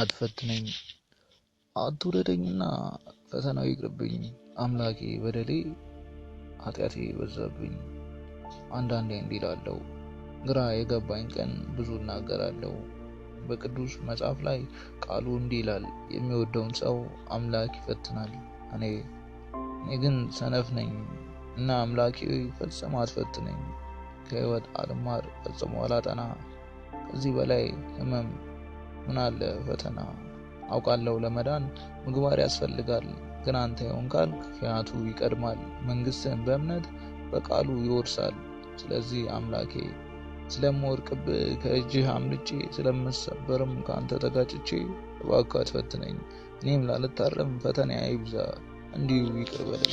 አትፈትነኝ አትውደደኝና ፈተናው ይቅርብኝ አምላኬ በደሌ ኃጢአቴ በዛብኝ። አንዳንዴ እንዲህ እላለሁ፣ ግራ የገባኝ ቀን ብዙ እናገራለሁ። በቅዱስ መጽሐፍ ላይ ቃሉ እንዲህ ይላል፣ የሚወደውን ሰው አምላክ ይፈትናል። እኔ እኔ ግን ሰነፍ ነኝ እና አምላኬ ፈጽሞ አትፈትነኝ። ከህይወት አልማር ፈጽሞ አላጠና ከዚህ በላይ ህመም ምን አለ ፈተና አውቃለሁ ለመዳን ምግባር ያስፈልጋል። ግን አንተ የሆን ቃል ክያቱ ይቀድማል። መንግስትን በእምነት በቃሉ ይወርሳል። ስለዚህ አምላኬ ስለምወርቅብ ከእጅህ አምልጬ ስለምሰበርም ከአንተ ተጋጭቼ እባክህ አትፈትነኝ። እኔም ላልታረም ፈተና ይብዛ እንዲሁ ይቅር